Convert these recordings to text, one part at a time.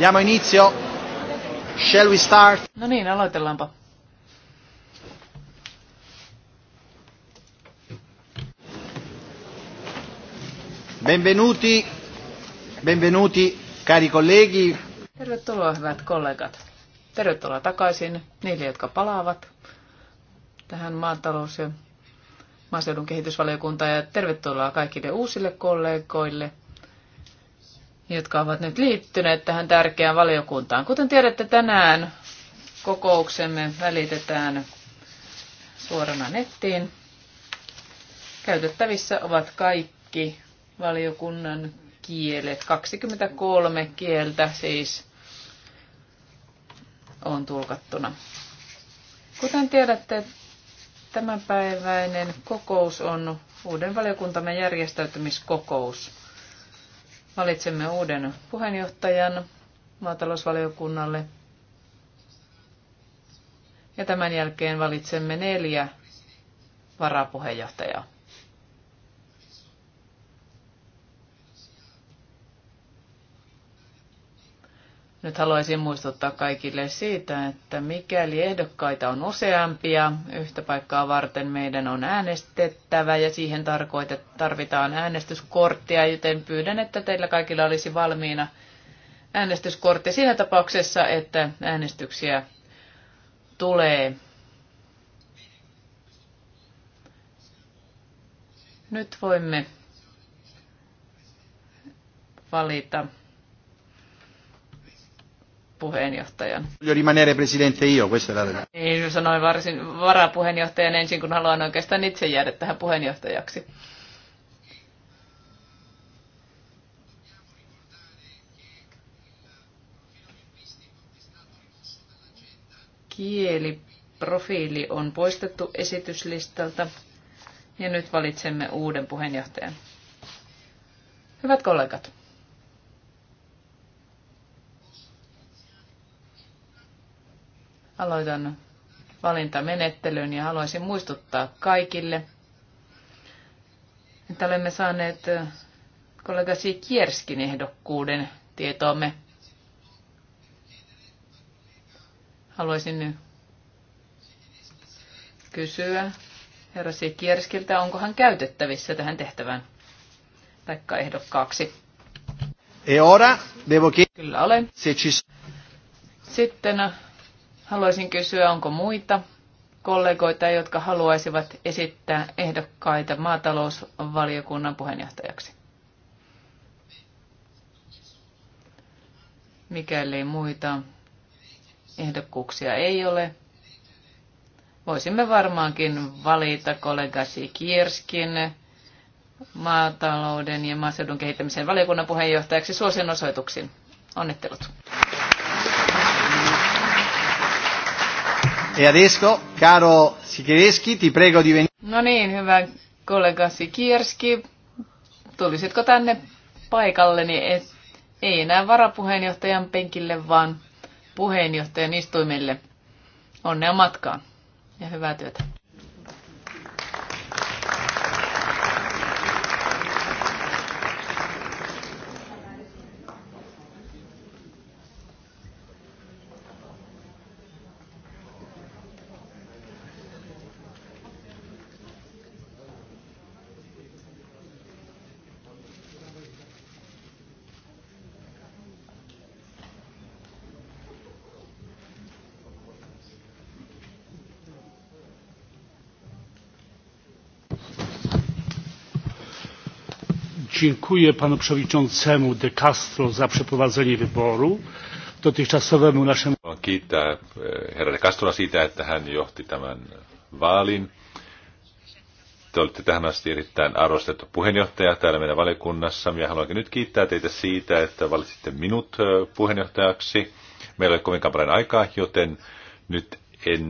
Diamo inizio. Shall we start? No niin, aloitellaanpa. Benvenuti, benvenuti cari colleghi. Tervetuloa hyvät kollegat. Tervetuloa takaisin niille, jotka palaavat tähän maatalous- ja maaseudun kehitysvaliokuntaan ja tervetuloa kaikille uusille kollegoille – jotka ovat nyt liittyneet tähän tärkeään valiokuntaan. Kuten tiedätte, tänään kokouksemme välitetään suorana nettiin. Käytettävissä ovat kaikki valiokunnan kielet, 23 kieltä siis on tulkattuna. Kuten tiedätte, tämänpäiväinen kokous on uuden valiokuntamme järjestäytymiskokous. Valitsemme uuden puheenjohtajan maatalousvaliokunnalle. Ja tämän jälkeen valitsemme neljä varapuheenjohtajaa. Nyt haluaisin muistuttaa kaikille siitä, että mikäli ehdokkaita on useampia yhtä paikkaa varten, meidän on äänestettävä ja siihen tarvitaan äänestyskorttia, joten pyydän, että teillä kaikilla olisi valmiina äänestyskortti siinä tapauksessa, että äänestyksiä tulee. Nyt voimme valita puheenjohtajan. Rimanere presidente io, questa la Niin, sanoin varsin varapuheenjohtajan ensin, kun haluan oikeastaan itse jäädä tähän puheenjohtajaksi. Kieliprofiili on poistettu esityslistalta ja nyt valitsemme uuden puheenjohtajan. Hyvät kollegat, Aloitan valintamenettelyn ja haluaisin muistuttaa kaikille, että olemme saaneet kollega Sikierskin ehdokkuuden tietoomme. Haluaisin nyt kysyä herra Sikierskiltä, onko hän käytettävissä tähän tehtävään, taikka ehdokkaaksi. E ora devo Kyllä olen. Sitten Haluaisin kysyä, onko muita kollegoita, jotka haluaisivat esittää ehdokkaita maatalousvaliokunnan puheenjohtajaksi? Mikäli muita ehdokkuuksia ei ole, voisimme varmaankin valita kollega Sikierskin maatalouden ja maaseudun kehittämisen valiokunnan puheenjohtajaksi suosion osoituksin. Onnittelut. E adesso, caro Sikierski, ti prego di venire. No niin, hyvä kollega Sikierski, tulisitko tänne paikalleni, niin et, ei enää varapuheenjohtajan penkille, vaan puheenjohtajan istuimelle. Onnea matkaan ja hyvää työtä. dziękuję panu przewodniczącemu de castro za przeprowadzenie wyboru dotychczasowemu naszemu. Haluan kiittää eh, herra de Castroa siitä, että hän johti tämän vaalin. Te olette tähän asti erittäin arvostettu puheenjohtaja täällä meidän valiokunnassa. Ja haluankin nyt kiittää teitä siitä, että valitsitte minut eh, puheenjohtajaksi. Meillä ei ole kovinkaan paljon aikaa, joten nyt en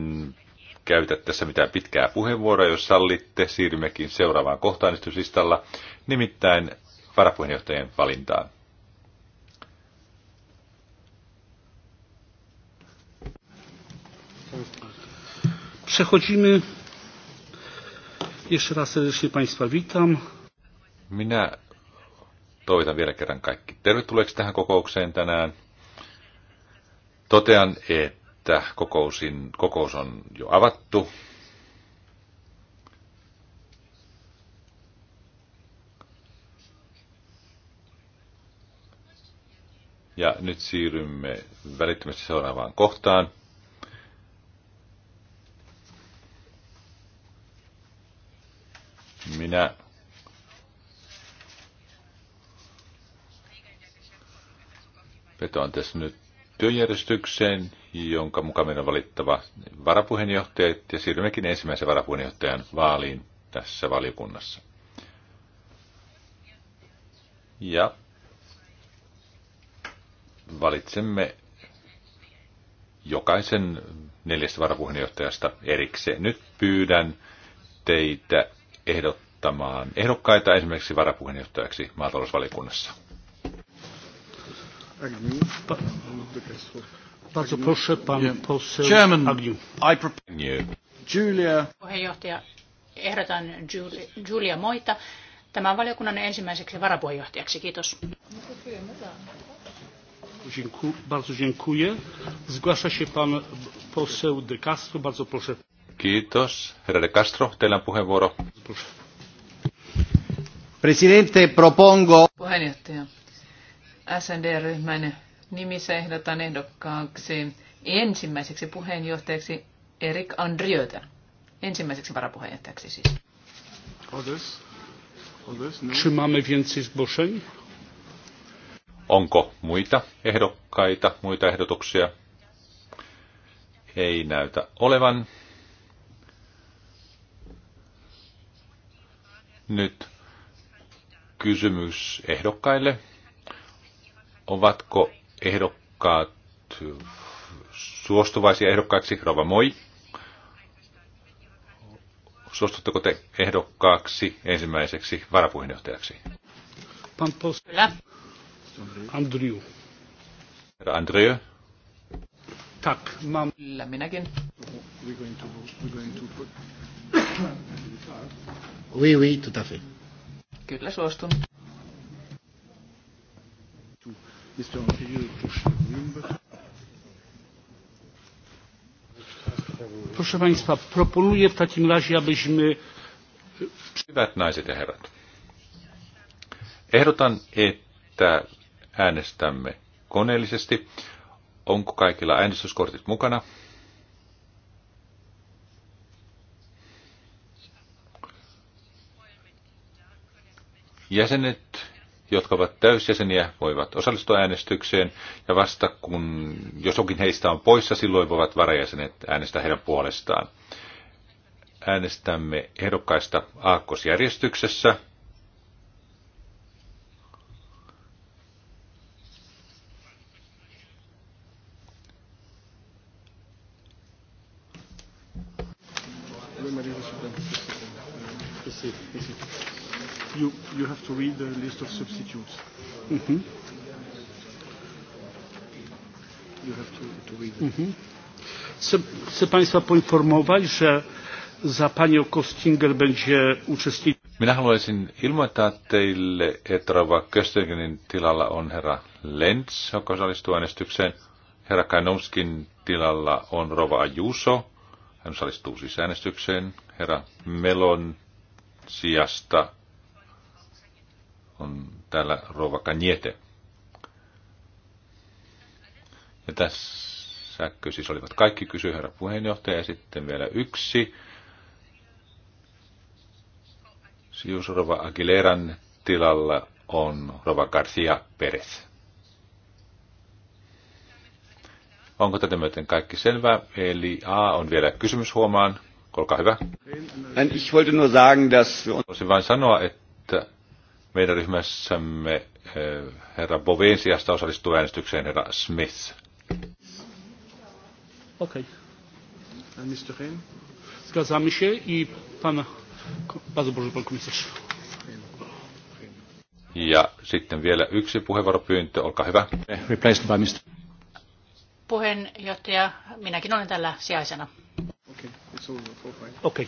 käytä tässä mitään pitkää puheenvuoroa, jos sallitte. Siirrymmekin seuraavaan kohtaanistuslistalla, nimittäin varapuheenjohtajien valintaan. Przechodzimy. Jeszcze raz serdecznie Państwa witam. Minä toivotan vielä kerran kaikki tervetulleeksi tähän kokoukseen tänään. Totean, että että kokousin, kokous on jo avattu. Ja nyt siirrymme välittömästi seuraavaan kohtaan. Minä vetoan tässä nyt työjärjestykseen jonka mukaan meidän on valittava varapuheenjohtaja, ja siirrymmekin ensimmäisen varapuheenjohtajan vaaliin tässä valiokunnassa. Ja valitsemme jokaisen neljästä varapuheenjohtajasta erikseen. Nyt pyydän teitä ehdottamaan ehdokkaita esimerkiksi varapuheenjohtajaksi maatalousvaliokunnassa. Bardzo proszę, pan poseł Chairman, Agnew. I prepare... Julia. Puheenjohtaja, ehdotan Julia, Julia Moita tämän valiokunnan ensimmäiseksi varapuheenjohtajaksi. Kiitos. Dziękuję, bardzo dziękuję. Zgłasza się pan poseł De Castro. Bardzo proszę. Kiitos. Herra De Castro, teillä on puheenvuoro. Presidente, propongo... Puheenjohtaja. SND-ryhmän nimissä ehdotan ehdokkaaksi ensimmäiseksi puheenjohtajaksi Erik Andriötä. Ensimmäiseksi varapuheenjohtajaksi siis. No. Onko muita ehdokkaita, muita ehdotuksia? Ei näytä olevan. Nyt kysymys ehdokkaille. Ovatko ehdokkaat suostuvaisia ehdokkaiksi? Rova Moi. Suostutteko te ehdokkaaksi ensimmäiseksi varapuheenjohtajaksi? Kyllä. Andrew. Herra Andrew. Tak, mam. Kyllä, minäkin. We're going to, we're going to put... Oui, oui, tout à fait. Kyllä suostun. Proszę Państwa, proponuję w takim razie, abyśmy... Hyvät naiset ja herrat, ehdotan, että äänestämme koneellisesti. Onko kaikilla äänestyskortit mukana? Jäsenet jotka ovat täysjäseniä, voivat osallistua äänestykseen, ja vasta kun josokin heistä on poissa, silloin voivat varajäsenet äänestää heidän puolestaan. Äänestämme ehdokkaista aakkosjärjestyksessä. to read the list of substitutes. Mm-hmm. You have to, to read it. Mm-hmm. Chcę, chcę Państwa poinformować, że za panią Kostinger będzie uczestniczył. Minä haluaisin ilmoittaa teille, että Rova Köstingerin tilalla on herra Lenz, joka osallistuu äänestykseen. Herra Kainomskin tilalla on Rova Ajuso, hän osallistuu siis äänestykseen. Herra Melon sijasta on täällä Rova Kanjete. Ja tässä siis olivat kaikki kysy herra puheenjohtaja ja sitten vielä yksi. Sius Rova Aguileran tilalla on Rova Garcia Perez. Onko tätä myöten kaikki selvää, Eli A on vielä kysymys huomaan. Olkaa hyvä. Voisin vain sanoa, että meidän ryhmässämme eh, herra Bovin sijasta osallistuu äänestykseen herra Smith. Okei. Okay. Zgadzamy się i pan, bardzo proszę pan komisarz. Ja sitten vielä yksi puheenvuoropyyntö, olkaa hyvä. Replaced by Mr. Puheenjohtaja, minäkin olen tällä sijaisena. Okei. Okay. Okay.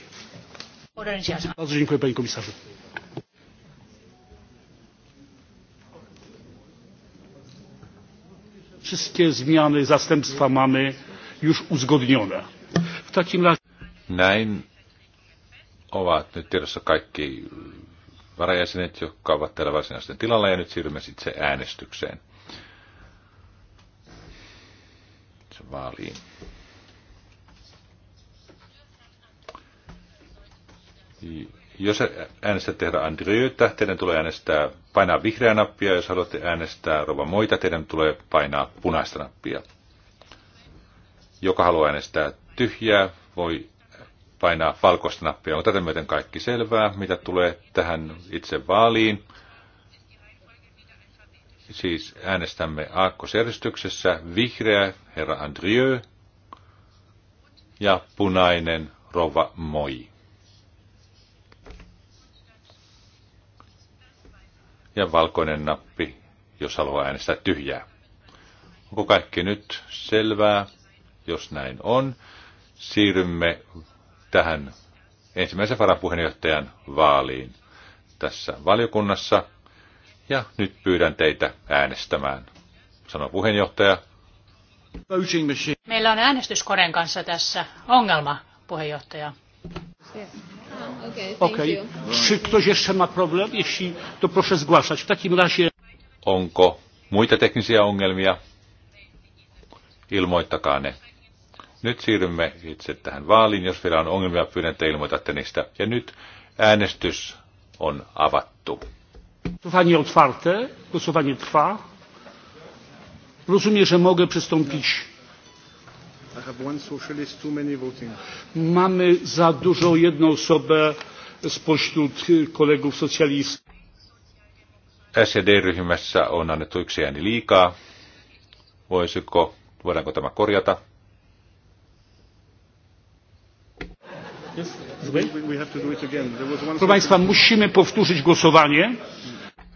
Olen sijaisena. Bardzo dziękuję panie komisarzu. wszystkie zmiany zastępstwa mamy już uzgodnione. W takim razie... Näin ovat nyt tiedossa kaikki varajäsenet, jotka ovat täällä varsinaisten tilalla, ja nyt siirrymme sitten äänestykseen. Se vaaliin. Ja jos äänestät herra Andriötä, teidän tulee äänestää painaa vihreää nappia. Jos haluatte äänestää Rova Moita, teidän tulee painaa punaista nappia. Joka haluaa äänestää tyhjää, voi painaa valkoista nappia. On tätä myöten kaikki selvää, mitä tulee tähän itse vaaliin. Siis äänestämme aakkosjärjestyksessä vihreä herra Andrieu ja punainen rova Moi. ja valkoinen nappi, jos haluaa äänestää tyhjää. Onko kaikki nyt selvää? Jos näin on, siirrymme tähän ensimmäisen varapuheenjohtajan vaaliin tässä valiokunnassa. Ja nyt pyydän teitä äänestämään, sanoo puheenjohtaja. Meillä on äänestyskoneen kanssa tässä ongelma, puheenjohtaja. Yes. Okay, okay. Czy ktoś jeszcze ma problem? Jeśli to proszę zgłaszać. W takim razie... Onko muita teknisiä ongelmia? Ilmoittakaa ne. Nyt siirrymme itse tähän vaaliin. Jos vielä on ongelmia, pyydän, että ilmoitatte niistä. Ja nyt äänestys on avattu. Głosowanie otwarte. Głosowanie trwa. Rozumiem, że mogę przystąpić Mamy za dużą jedną osobę spośród kolegów socjalistów. SED-ryhmässä on annettu yksi ääni liikaa. Voisiko, voidaanko tämä korjata? Proszę Państwa, musimy powtórzyć głosowanie.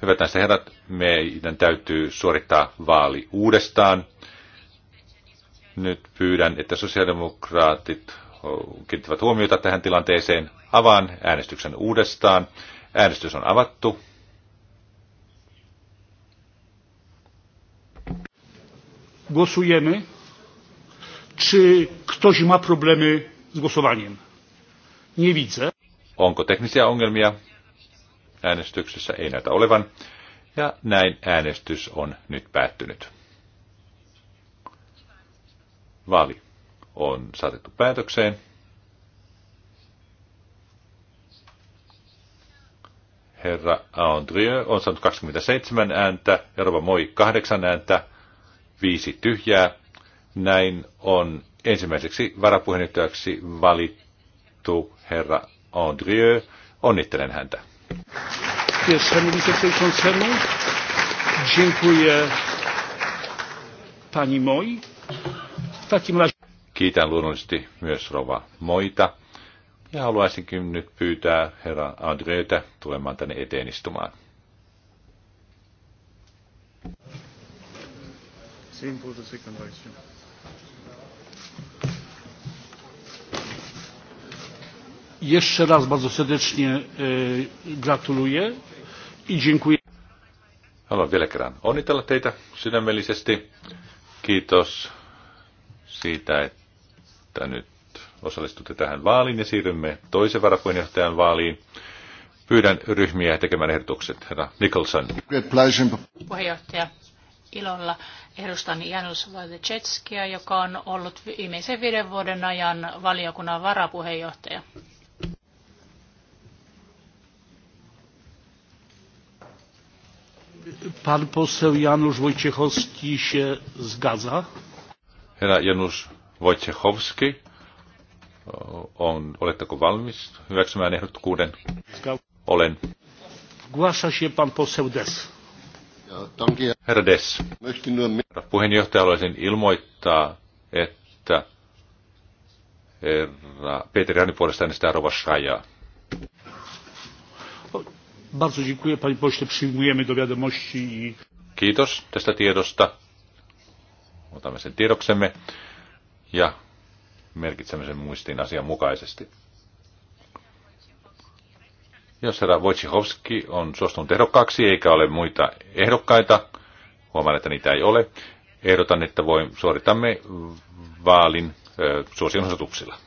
Hyvät näistä herrat, meidän täytyy suorittaa vaali uudestaan. Nyt pyydän, että sosiaalidemokraatit kiinnittävät huomiota tähän tilanteeseen. Avaan äänestyksen uudestaan. Äänestys on avattu. Głosujemy. Czy ktoś ma problemy z głosowaniem? Nie widzę. Onko teknisiä ongelmia? Äänestyksessä ei näytä olevan. Ja näin äänestys on nyt päättynyt. Vaali on saatettu päätökseen. Herra Andrieu on saanut 27 ääntä, Rova Moi 8 ääntä, 5 tyhjää. Näin on ensimmäiseksi varapuheenjohtajaksi valittu herra Andrieu. Onnittelen häntä. dziękuję pani Moi. Kiitän luonnollisesti myös Rova Moita. Ja haluaisinkin nyt pyytää herra Andreetä tulemaan tänne eteen istumaan. Jeszcze raz bardzo serdecznie e, gratuluję i dziękuję. Haluan vielä kerran onnitella teitä sydämellisesti. Kiitos siitä, että nyt osallistutte tähän vaaliin ja siirrymme toisen varapuheenjohtajan vaaliin. Pyydän ryhmiä tekemään ehdotukset. Herra Nicholson. Puheenjohtaja, ilolla edustan Janus Wojciechskia, joka on ollut viimeisen viiden vuoden ajan valiokunnan varapuheenjohtaja. Pan poseł Janusz Wojciechowski się zgadza? Herra Janus Wojciechowski, on, oletteko valmis hyväksymään ehdotuksen? Olen. Głasza się pan poseł Des. Herra Des. Herra puheenjohtaja, haluaisin ilmoittaa, että herra Peter Jani puolesta äänestää Rova Shajaa. Bardzo dziękuję panie pośle, przyjmujemy do wiadomości. Kiitos tästä tiedosta. Otamme sen tiedoksemme ja merkitsemme sen muistiin mukaisesti. Jos herra Wojciechowski on suostunut ehdokkaaksi eikä ole muita ehdokkaita, huomaan, että niitä ei ole, ehdotan, että voi, suoritamme vaalin suosion osoituksilla.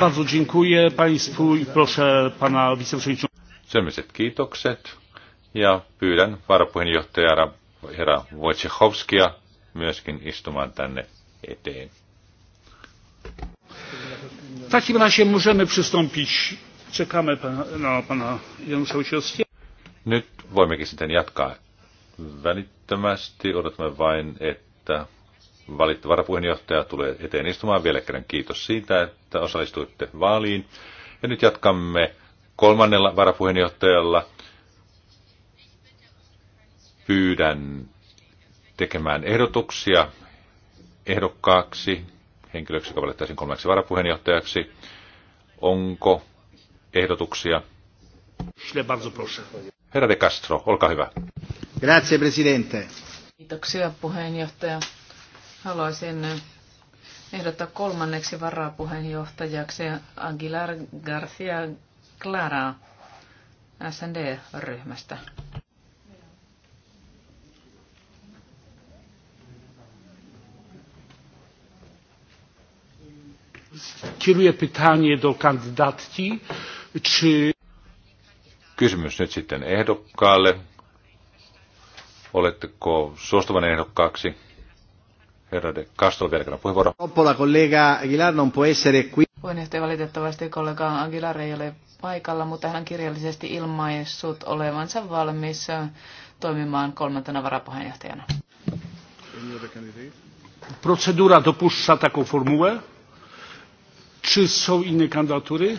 Bardzo dziękuję Państwu i proszę Pana Wiceprzewodniczącego. kiitokset. Ja pyydän varapuheenjohtaja herra Wojciechowskia myöskin istumaan tänne eteen. takim razie możemy przystąpić. Czekamy pana, pana Janusza Wojciechowskiego. Nyt voimmekin sitten jatkaa välittömästi. Odotamme vain, että valittu varapuheenjohtaja tulee eteen istumaan. Vielä kerran kiitos siitä, että osallistuitte vaaliin. Ja nyt jatkamme kolmannella varapuheenjohtajalla – pyydän tekemään ehdotuksia ehdokkaaksi, henkilöksi, joka valittaisiin kolmeksi varapuheenjohtajaksi. Onko ehdotuksia? Herra de Castro, olkaa hyvä. Grazie, presidente. Kiitoksia, puheenjohtaja. Haluaisin ehdottaa kolmanneksi varapuheenjohtajaksi Aguilar Garcia Clara SND-ryhmästä. kieruję pytanie do kandydatki, czy... Kysymys nyt sitten ehdokkaalle. Oletteko suostuvan ehdokkaaksi? Herra de Castro, vielä kerran puheenvuoro. Oppola kollega Aguilar non può essere qui. Puheenjohtaja valitettavasti kollega Aguilar ei ole paikalla, mutta hän on kirjallisesti ilmaissut olevansa valmis toimimaan kolmantena varapuheenjohtajana. Procedura dopuszcza taką formułę? Czy są inne kandydatury?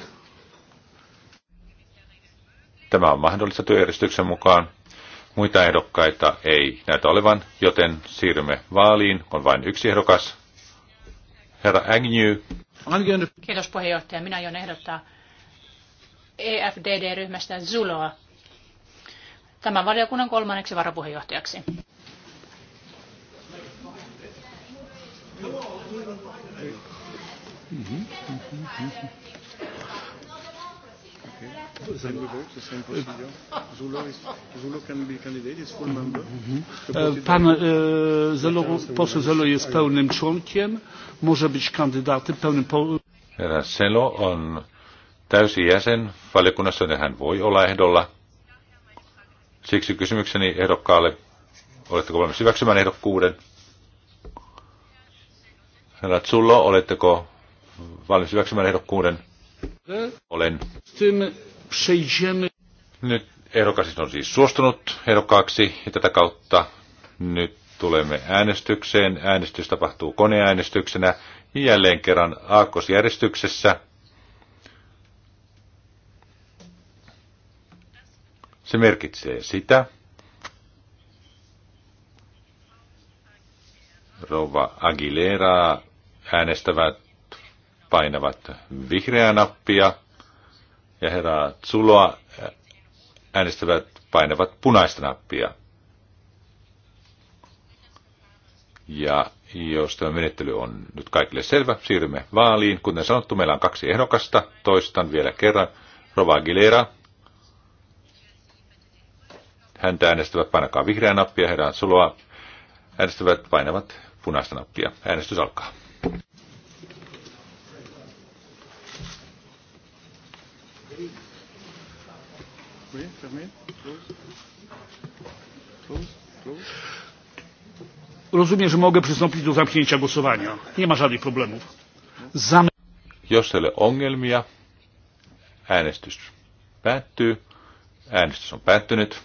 Tämä on mahdollista työjärjestyksen mukaan. Muita ehdokkaita ei näytä olevan, joten siirrymme vaaliin. On vain yksi ehdokas. Herra Agnew. Kiitos puheenjohtaja. Minä aion ehdottaa EFDD-ryhmästä Zuloa tämän valiokunnan kolmanneksi varapuheenjohtajaksi. Mhm. Pan e, Zelo, poseł Zelo jest pełnym członkiem, może być kandydatem pełnym... Herra on täysi jäsen valiokunnassa, joten hän voi olla ehdolla. Siksi kysymykseni ehdokkaalle, oletteko valmis hyväksymään ehdokkuuden? Herra Zullo, oletteko valmis hyväksymään ehdokkuuden. Olen. Nyt ehdokas siis on siis suostunut ehdokkaaksi ja tätä kautta nyt tulemme äänestykseen. Äänestys tapahtuu koneäänestyksenä jälleen kerran aakkosjärjestyksessä. Se merkitsee sitä, rouva Aguilera äänestävät painavat vihreää nappia ja herra Zuloa äänestävät painavat punaista nappia. Ja jos tämä menettely on nyt kaikille selvä, siirrymme vaaliin. Kuten sanottu, meillä on kaksi ehdokasta. Toistan vielä kerran. Rova Aguilera. Häntä äänestävät painakaa vihreää nappia, herra Zuloa. Äänestävät painavat punaista nappia. Äänestys alkaa. Oui, fermé. Close. Close. Close. Rozumiem, że mogę przystąpić do zamknięcia głosowania. Nie ma żadnych problemów. Zam- Jos ei ole ongelmia, äänestys päättyy. Äänestys on päättynyt.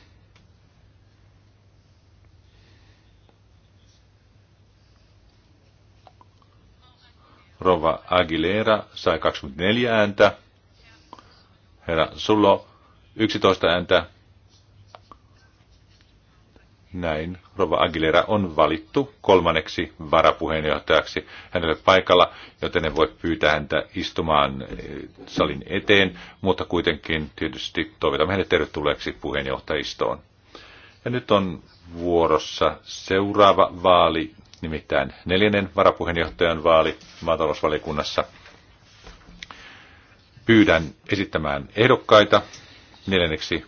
Rova Aguilera sai 24 ääntä. Herra Sulo 11 ääntä. Näin. Rova Aguilera on valittu kolmanneksi varapuheenjohtajaksi hänelle paikalla, joten en voi pyytää häntä istumaan eh, salin eteen, mutta kuitenkin tietysti toivotamme hänet tervetulleeksi puheenjohtajistoon. Ja nyt on vuorossa seuraava vaali, nimittäin neljännen varapuheenjohtajan vaali maatalousvaliokunnassa. Pyydän esittämään ehdokkaita Neljänneksi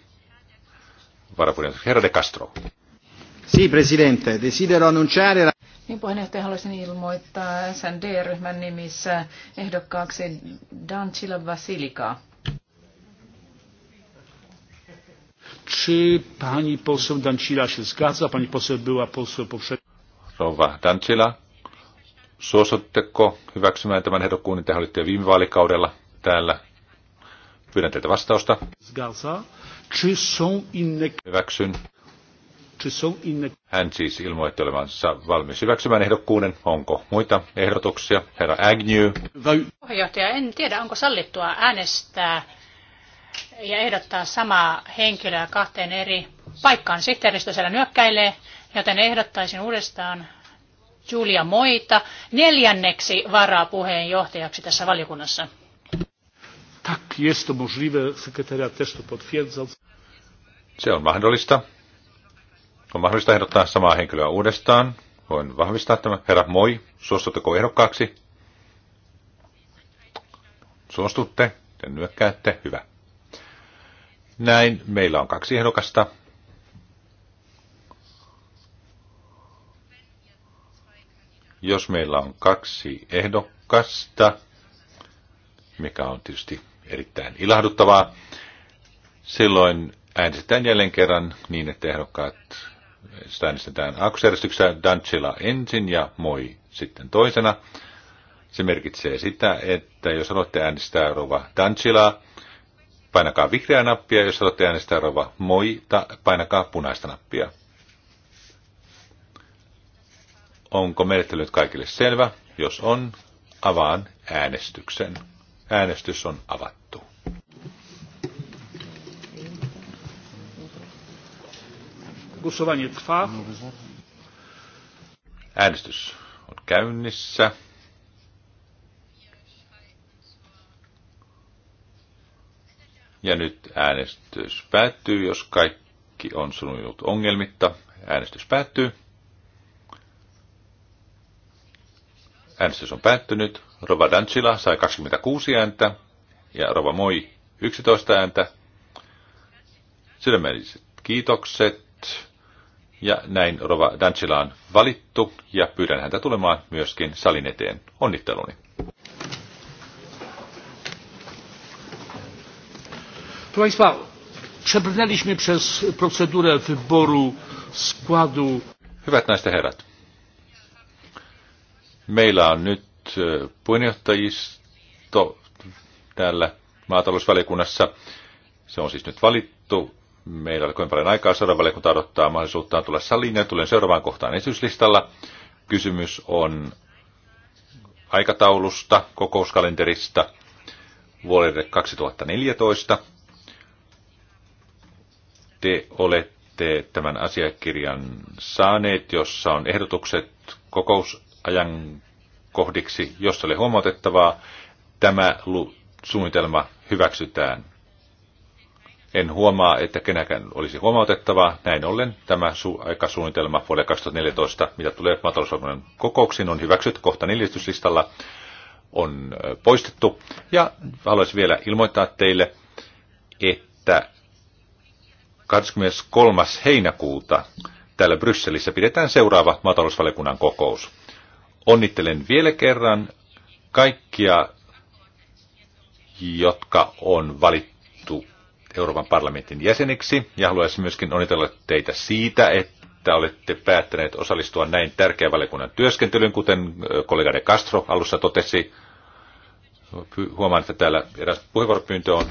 varapuheenjohtaja Herra de Castro. Si, presidente. Desidero annunciare... Niin puheenjohtaja haluaisin ilmoittaa SND-ryhmän nimissä ehdokkaaksi Dancila Vasilikaa. Czy pani poseł Dancila się zgadza? Pani poseł była poseł poprzedniej. Rova, Dancila, suosutteko hyväksymään tämän ehdokkuuden, te olitte viime vaalikaudella täällä Pyydän teitä vastausta. Hyväksyn. Hän siis ilmoitti olevansa valmis hyväksymään ehdokkuuden. Onko muita ehdotuksia? Herra Agnew. Vai... Puheenjohtaja, en tiedä, onko sallittua äänestää ja ehdottaa samaa henkilöä kahteen eri paikkaan. Sihteeristö siellä nyökkäilee, joten ehdottaisin uudestaan Julia Moita neljänneksi varapuheenjohtajaksi tässä valiokunnassa. Tak, jest to możliwe. Sekretariat też to potwierdza. Se on mahdollista. On mahdollista ehdottaa samaa henkilöä uudestaan. Voin vahvistaa tämä. Herra, moi. Suostutteko ehdokkaaksi? Suostutte. Te nyökkäätte. Hyvä. Näin. Meillä on kaksi ehdokasta. Jos meillä on kaksi ehdokasta, mikä on tietysti erittäin ilahduttavaa. Silloin äänestetään jälleen kerran niin, että ehdokkaat äänestetään aksjärjestyksessä Dancila ensin ja Moi sitten toisena. Se merkitsee sitä, että jos haluatte äänestää rova Dancilaa, painakaa vihreää nappia, jos haluatte äänestää rova Moi, ta, painakaa punaista nappia. Onko menettely nyt kaikille selvä? Jos on, avaan äänestyksen. Äänestys on avattu. Äänestys on käynnissä. Ja nyt äänestys päättyy, jos kaikki on sujunut ongelmitta. Äänestys päättyy. Äänestys on päättynyt. Rova Dancila sai 26 ääntä ja Rova Moi 11 ääntä. Sydämelliset kiitokset. Ja näin Rova Dancila on valittu ja pyydän häntä tulemaan myöskin salin eteen. Onnitteluni. Państwa, przebrnęliśmy przez procedurę wyboru składu. Hyvät naiset herrat, Meillä on nyt puheenjohtajisto täällä maatalousvaliokunnassa. Se on siis nyt valittu. Meillä oli kovin paljon aikaa. Seuraava valiokunta odottaa mahdollisuuttaan tulla saliin ja tulen seuraavaan kohtaan esityslistalla. Kysymys on aikataulusta, kokouskalenterista vuodelle 2014. Te olette tämän asiakirjan saaneet, jossa on ehdotukset kokous ajan kohdiksi, jos oli huomautettavaa, tämä suunnitelma hyväksytään. En huomaa, että kenäkään olisi huomautettavaa. Näin ollen tämä su- aikasuunnitelma vuodelle 2014, mitä tulee maatalousvaliokunnan kokouksiin, on hyväksytty kohta neljästyslistalla, on poistettu. Ja haluaisin vielä ilmoittaa teille, että 23. heinäkuuta täällä Brysselissä pidetään seuraava maatalousvaliokunnan kokous. Onnittelen vielä kerran kaikkia, jotka on valittu Euroopan parlamentin jäseniksi. Ja haluaisin myöskin onnitella teitä siitä, että olette päättäneet osallistua näin tärkeän valiokunnan työskentelyyn, kuten kollega de Castro alussa totesi. Huomaan, että täällä eräs puheenvuoropyyntö on.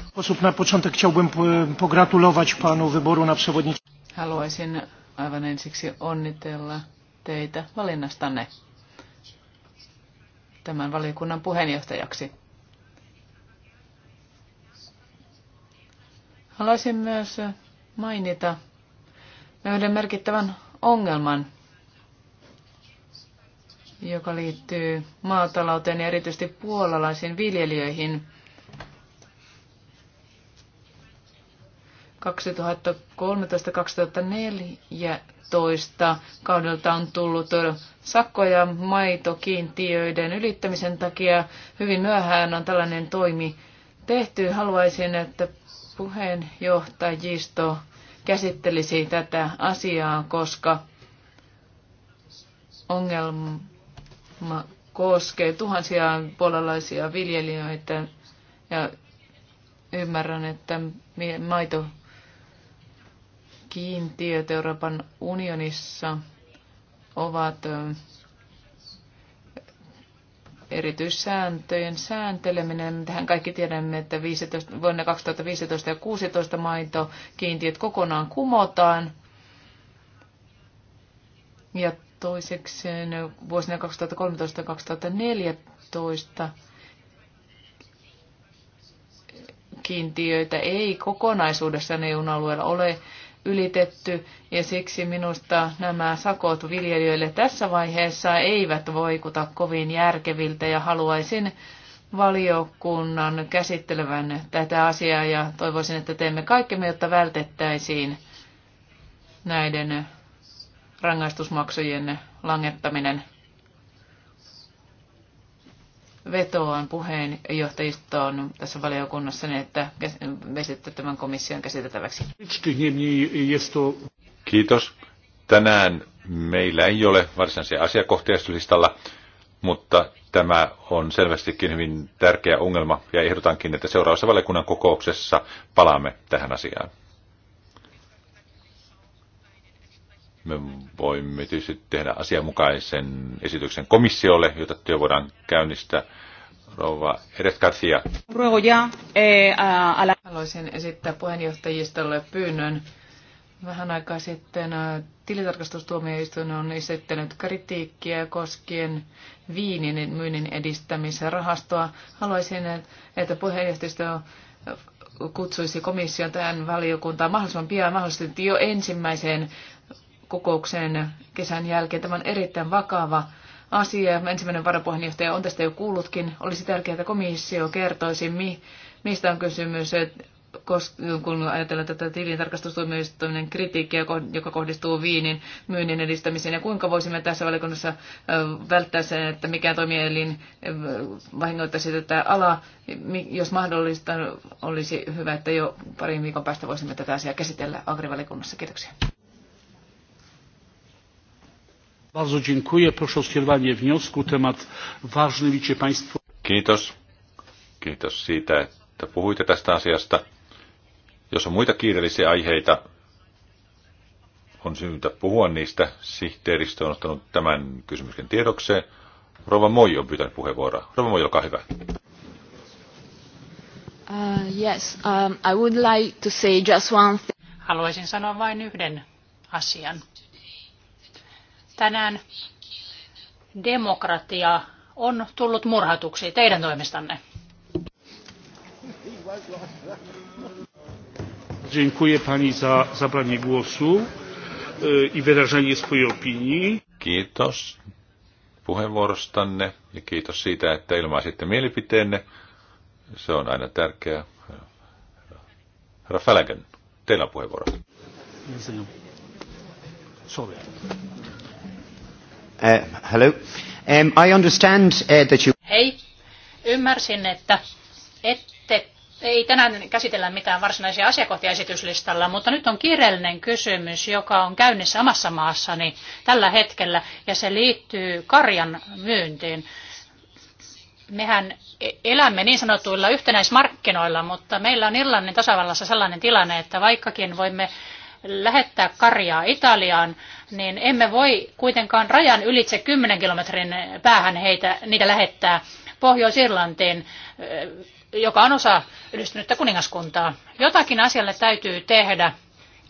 Haluaisin aivan ensiksi onnitella teitä valinnastanne tämän valiokunnan puheenjohtajaksi. Haluaisin myös mainita yhden merkittävän ongelman, joka liittyy maatalouteen ja erityisesti puolalaisiin viljelijöihin. 2013-2014 kaudelta on tullut sakkoja maitokiintiöiden ylittämisen takia. Hyvin myöhään on tällainen toimi tehty. Haluaisin, että puheenjohtajisto käsittelisi tätä asiaa, koska ongelma koskee tuhansia puolalaisia viljelijöitä ja ymmärrän, että maito kiintiöt Euroopan unionissa ovat erityissääntöjen säänteleminen. Tähän kaikki tiedämme, että 15, vuonna 2015 ja 2016 maito kiintiöt kokonaan kumotaan. Ja toiseksi vuosina 2013 2014 kiintiöitä ei kokonaisuudessaan EUn alueella ole ylitetty ja siksi minusta nämä sakot viljelijöille tässä vaiheessa eivät voikuta kovin järkeviltä ja haluaisin valiokunnan käsittelevän tätä asiaa ja toivoisin, että teemme kaikkemme, jotta vältettäisiin näiden rangaistusmaksujen langettaminen vetoan puheenjohtajistoon tässä valiokunnassa, niin että vesitte tämän komission käsiteltäväksi. Kiitos. Tänään meillä ei ole varsinaisia asiakohtia listalla, mutta tämä on selvästikin hyvin tärkeä ongelma ja ehdotankin, että seuraavassa valiokunnan kokouksessa palaamme tähän asiaan. Me voimme tietysti tehdä asianmukaisen esityksen komissiolle, jota työ voidaan käynnistää. Rouva Eres Garcia. Eh, Haluaisin esittää puheenjohtajistolle pyynnön. Vähän aikaa sitten tilitarkastustuomioistuin on esittänyt kritiikkiä koskien viinin myynnin edistämisrahastoa. Haluaisin, että puheenjohtajisto kutsuisi komission tähän valiokuntaan mahdollisimman pian, mahdollisesti jo ensimmäiseen kokoukseen kesän jälkeen. Tämä on erittäin vakava asia. Ensimmäinen varapuheenjohtaja on tästä jo kuullutkin. Olisi tärkeää, että komissio kertoisi, mi, mistä on kysymys, kun ajatellaan tätä tilintarkastustuomioistuimen kritiikkiä, joka kohdistuu viinin myynnin edistämiseen, ja kuinka voisimme tässä valikunnassa välttää sen, että mikään toimielin vahingoittaisi tätä alaa. Jos mahdollista, olisi hyvä, että jo parin viikon päästä voisimme tätä asiaa käsitellä agrivalikunnassa. Kiitoksia. Bardzo dziękuję. Proszę o skierowanie wniosku. Temat ważny, widzicie Państwo. Kiitos. Kiitos siitä, että puhuitte tästä asiasta. Jos on muita kiireellisiä aiheita, on syytä puhua niistä. Sihteeristö on ottanut tämän kysymyksen tiedokseen. Rova Moi on pyytänyt puheenvuoroa. Rova Moi, olkaa hyvä. Uh, yes, um, I would like to say just one thing. Haluaisin sanoa vain yhden asian tänään demokratia on tullut murhatuksi teidän toimestanne. Dziękuję pani za zabranie głosu i swojej opinii. Kiitos puheenvuorostanne ja kiitos siitä, että ilmaisitte mielipiteenne. Se on aina tärkeää. Herra Fälägen, teillä on puheenvuoro. Niin, Sorry. Uh, hello. Um, I understand uh, that you... Hei, ymmärsin, että ette, ei tänään käsitellä mitään varsinaisia asiakohtia esityslistalla, mutta nyt on kirjallinen kysymys, joka on käynnissä omassa maassani tällä hetkellä, ja se liittyy karjan myyntiin. Mehän e- elämme niin sanotuilla yhtenäismarkkinoilla, mutta meillä on Irlannin tasavallassa sellainen tilanne, että vaikkakin voimme lähettää karjaa Italiaan, niin emme voi kuitenkaan rajan ylitse 10 kilometrin päähän heitä, niitä lähettää Pohjois-Irlantiin, joka on osa yhdistynyttä kuningaskuntaa. Jotakin asialle täytyy tehdä.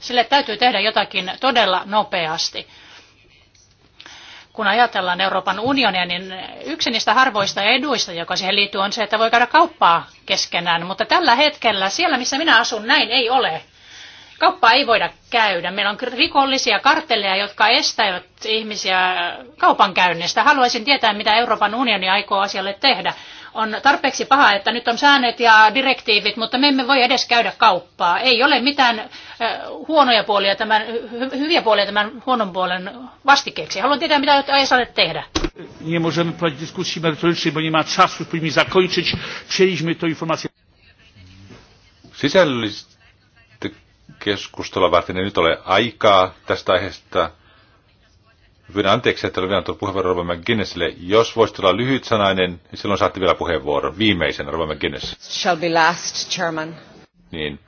Sille täytyy tehdä jotakin todella nopeasti kun ajatellaan Euroopan unionia, niin yksi niistä harvoista eduista, joka siihen liittyy, on se, että voi käydä kauppaa keskenään. Mutta tällä hetkellä siellä, missä minä asun, näin ei ole. Kauppaa ei voida käydä. Meillä on rikollisia kartteleja, jotka estävät ihmisiä kaupankäynnistä. Haluaisin tietää, mitä Euroopan unioni aikoo asialle tehdä. On tarpeeksi paha, että nyt on säännöt ja direktiivit, mutta me emme voi edes käydä kauppaa. Ei ole mitään eh, huonoja puolia tämän, hyviä puolia tämän huonon puolen vastikeeksi. Haluan tietää, mitä aiotte tehdä nie możemy prowadzić dyskusji merytorycznej bo nie ma czasu powinniśmy zakończyć przyjęliśmy tę informację sisällistä keskustella varten ei niin nyt ole aikaa tästä aiheesta. Pyydän anteeksi, että olen vielä antanut puheenvuoron Robert McGinnisille. Jos voisit olla sanainen, niin silloin saatte vielä puheenvuoron. Viimeisen Robert McGinnis. Shall be last, Chairman. Niin,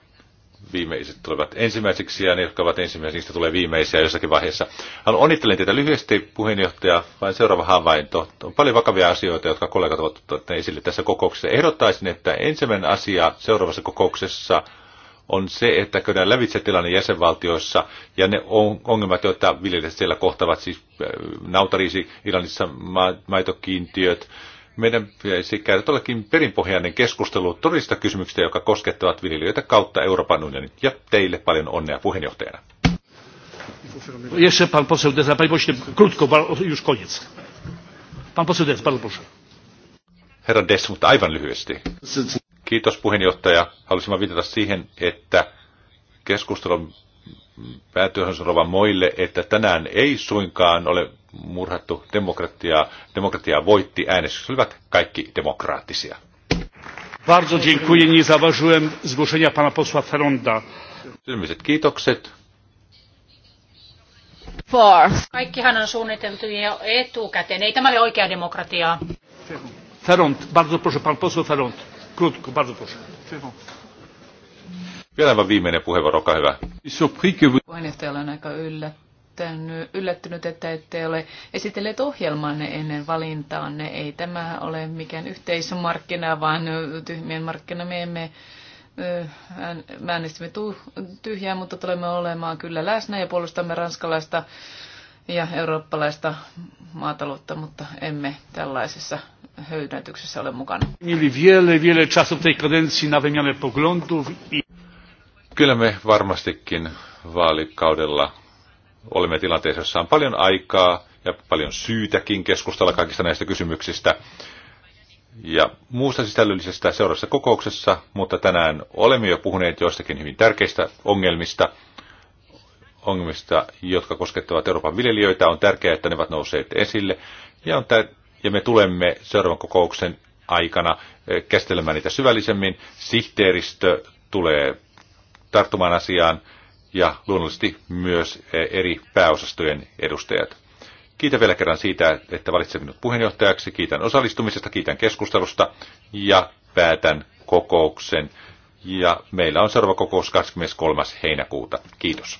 viimeiset tulevat ensimmäiseksi ja ne, jotka ovat ensimmäisistä, tulee viimeisiä jossakin vaiheessa. Haluan onnittelen teitä lyhyesti, puheenjohtaja, vain seuraava havainto. On paljon vakavia asioita, jotka kollegat ovat ottaneet esille tässä kokouksessa. Ehdottaisin, että ensimmäinen asia seuraavassa kokouksessa – on se, että käydään lävitse tilanne jäsenvaltioissa ja ne ongelmat, joita viljelijät siellä kohtavat, siis äh, nautariisi, Irlannissa maitokiintiöt, meidän pitäisi käydä todellakin perinpohjainen keskustelu todellisista kysymyksistä, jotka koskettavat viljelijöitä kautta Euroopan unionin. Ja teille paljon onnea puheenjohtajana. Jeszcze pan poseł Deza, panie pośle, krótko, już koniec. Pan poseł Deza, bardzo proszę. Herra Des, mutta aivan lyhyesti. Kiitos puheenjohtaja. Haluaisin viitata siihen, että keskustelun päätyöhön sanova Moille, että tänään ei suinkaan ole murhattu demokratiaa. Demokratia voitti äänestys. Olivat kaikki demokraattisia. Bardzo dziękuję. Nie zauważyłem zgłoszenia pana posła Feronda. Sylmiset kiitokset. Four. Kaikkihan on suunniteltu jo etukäteen. Ei tämä ole oikea demokratiaa. Ferond, bardzo proszę, pan poseł Ferond. Krótko, bardzo proszę. Vielä aivan viimeinen puheenvuoro, olkaa hyvä. Puheenjohtaja on aika yllättynyt, että ette ole esitelleet ohjelmanne ennen valintaanne. Ei tämä ole mikään yhteismarkkina, vaan tyhmien markkina. Me emme me äänestimme tyhjää, mutta tulemme olemaan kyllä läsnä ja puolustamme ranskalaista ja eurooppalaista maataloutta, mutta emme tällaisessa höydätyksessä ole mukana. vielä, vielä czasu tej kadencji na wymianę poglądów. Kyllä me varmastikin vaalikaudella olemme tilanteessa, jossa on paljon aikaa ja paljon syytäkin keskustella kaikista näistä kysymyksistä ja muusta sisällöllisestä seuraavassa kokouksessa, mutta tänään olemme jo puhuneet joistakin hyvin tärkeistä ongelmista, ongelmista, jotka koskettavat Euroopan viljelijöitä. On tärkeää, että ne ovat nousseet esille ja on ja me tulemme seuraavan kokouksen aikana eh, käsittelemään niitä syvällisemmin. Sihteeristö tulee tarttumaan asiaan ja luonnollisesti myös eh, eri pääosastojen edustajat. Kiitän vielä kerran siitä, että valitsit minut puheenjohtajaksi. Kiitän osallistumisesta, kiitän keskustelusta ja päätän kokouksen. Ja meillä on seuraava kokous 23. heinäkuuta. Kiitos.